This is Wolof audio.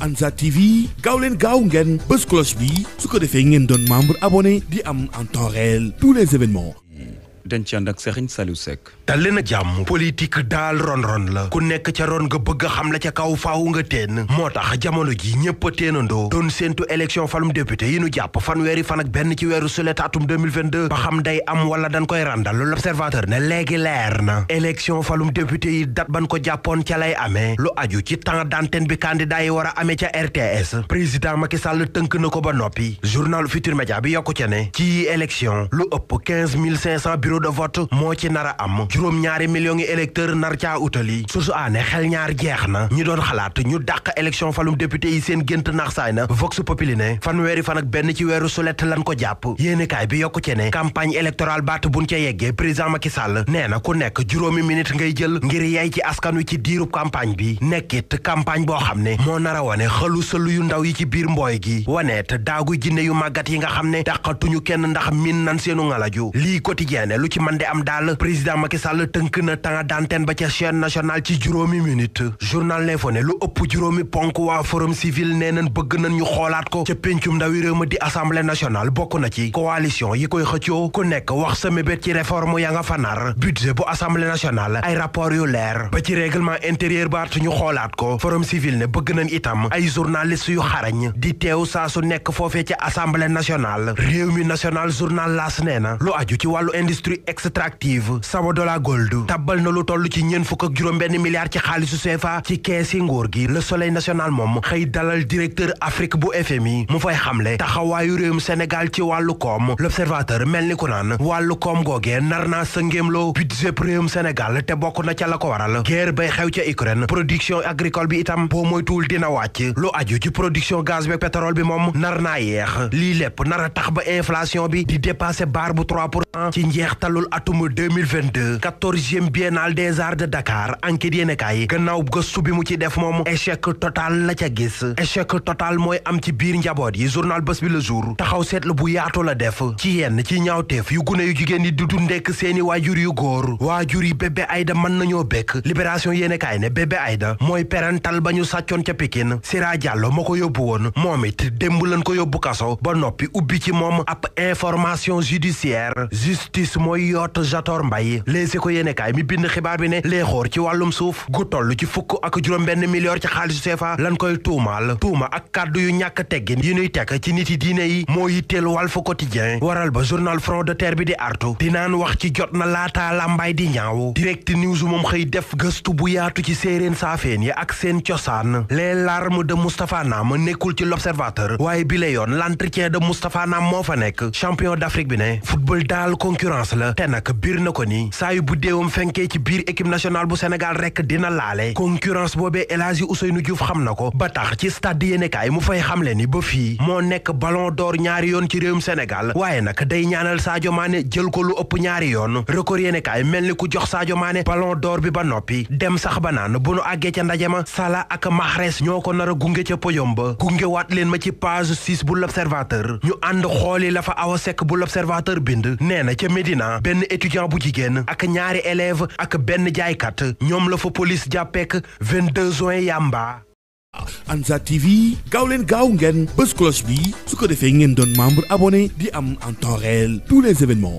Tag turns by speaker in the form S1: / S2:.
S1: Ansar TV gaaw leen gaaw ngeen bés cloche bi su ko defee ngeen doon membre abonné di am en temps réel tous les événements dañ ci ànd ak Serigne Saliou Seck dalli na jàmm politique daal ron-ron la ku nekk ca ron nga bëgg xam la ca kaw faawu nga teen moo tax jamono ji ñëpp a teenandoo doon séentu élection falum député yi nu jàpp fanweeri fan ak benn ci weeru sulet atum 2022 ba xam day am wala dañ koy ràndal loolu observateur ne léegi leer na élection falum député yi dat ban ko jàppoon ca lay amee lu aju ci temps d'antenne bi candidat yi war a amee ca RTS président Macky Sall tënk na ko ba noppi journal Futur Média bi yokku ca ne ci élection lu ëpp 15 500 bureaux de vote mo ci nara am juroom ñaari millions yi électeurs nar caa utali source a ne xel ñaar jeex na ñi doon xalaat ñu dakk élection falum député yi seen gënt nax saay na vox populi ne wéri fan ak benn ci wéru sulette lan ko yene kay bi yokku ci ne campagne électorale baat buñ ca yeggé président Macky Sall nee na ku nekk juróomi minute ngay jël ngir yay ci askan wi ci diirub campagne bi nekkit campagne bo xam mo nara nar xelu wone yu ndaw yi ci biir mboy gi ta daagu jinne yu magat yi nga xam ne kenn ndax min nan seenu ngalaju li quotidien lu ci man di am daal président Macky Sall tënk na temps d'antenne ba ca chaîne nationale ci juróomi minute journal L'Info ne lu ëpp juróomi ponk waa forum civil nee nañ bëgg nañ ñu xoolaat ko ca péncum ndawi réew ma di assemblée nationale na ci coalition yi koy xëccoo ku nekk wax sa mébét ci ya nga fanar budget bu assemblée nationale ay rapport yu leer ba ci règlement intérieur baat ñu xoolaat ko forum civil ne bëgg nañ itam ay journaliste yu xarañ di teew saa nekk foofee ci assemblée nationale réew mi journal laas nee na lu aju ci wàllu industrie bi extractive Sabodala Gold tabbal na lu toll ci ñeen fukk ak juróom benn milliard ci xaalisu CFA ci kees yi nguur gi le soleil national moom xëy dalal directeur Afrique bu FMI mu fay xamle taxawaayu réewum Sénégal ci wàllu koom l'observateur mel ni ku naan wàllu koom googee nar naa sa ngéemloo budget réewum Sénégal te bokk na ca la ko waral guerre bay xew ca Ukraine production agricole bi itam boo moytuwul dina wàcc lu aju ci production gas bi pétrole bi moom nar naa yeex lii a tax ba inflation bi di dépasser njeextalul atum 2022 quatorzième biennale des arts de Dakar enquête yéenekaay gannaaw gëstu bi mu ci def moom échec total la ca gis échec total mooy am ci biir njaboot yi journal bés bi le jour taxaw seetlu bu yaatu la def ci yenn ci ñaawteef yu gune yu jigéen yi du dundekk seeni waajur yu góor waajur yi bébé Aïda mën nañoo bekk libération yéenekaay ne bébé Aïda mooy parental ba ñu sàccoon ca Pikine Sira Diallo ma ko yóbbu woon moom it démb lañ ko yóbbu kaso ba noppi ubbi ci moom ab information judiciaire koy yoot Jator Mbaye léegi ko yéenekaay mi bind xibaar bi ne léexoor ci wàllum suuf gu toll ci fukk ak juróom benn milliard ci xaalisu CFA lan koy tuumaal tuuma ak kàddu yu ñàkk teggin yi nuy tekk ci nit yi diine yi moo yitteel Walf Quotidien waral ba journal Front de Terre bi di artu naan wax ci jot na la mbay di ñaaw direct news moom xëy def gëstu bu yaatu ci séeréen saafeen yi ak seen cosaan les larmes de Moustapha Nam nekkul ci l'observateur waaye bi yoon l'entretien de Moustapha moo fa nekk champion d'Afrique bi la te nag biir na ko ni saa yu bu déewam fenkee ci biir équipe nationale bu Sénégal rek dina laale concurrence boobee El Hadji Ousseynou Diouf xam na ko ba tax ci stade yéenekaay mu fay xamle ni ba fii moo nekk ballon d'or ñaari yoon ci réewum Sénégal waaye nag day ñaanal Sadio Mané jël ko lu ëpp ñaari yoon record yéenekaay mel ni ku jox Sadio Mané ballon d'or bi ba noppi dem sax ba naan bu nu àggee ca ndaje ma Salah ak Mahrez ñoo ko nar a gunge ca podium ba gunge waat leen ma ci page 6 bu l'observateur ñu ànd xooli la fa Awa Seck bu l'observateur bind enseignant benn étudiant bu jigéen ak ñaari élève ak benn jaaykat ñoom la fa police jàppeek 22 juin yamba Ansar TV gaaw leen gaaw ngeen bés cloche bi su ko defee ngeen doon membre abonné di am en temps réel tous les événements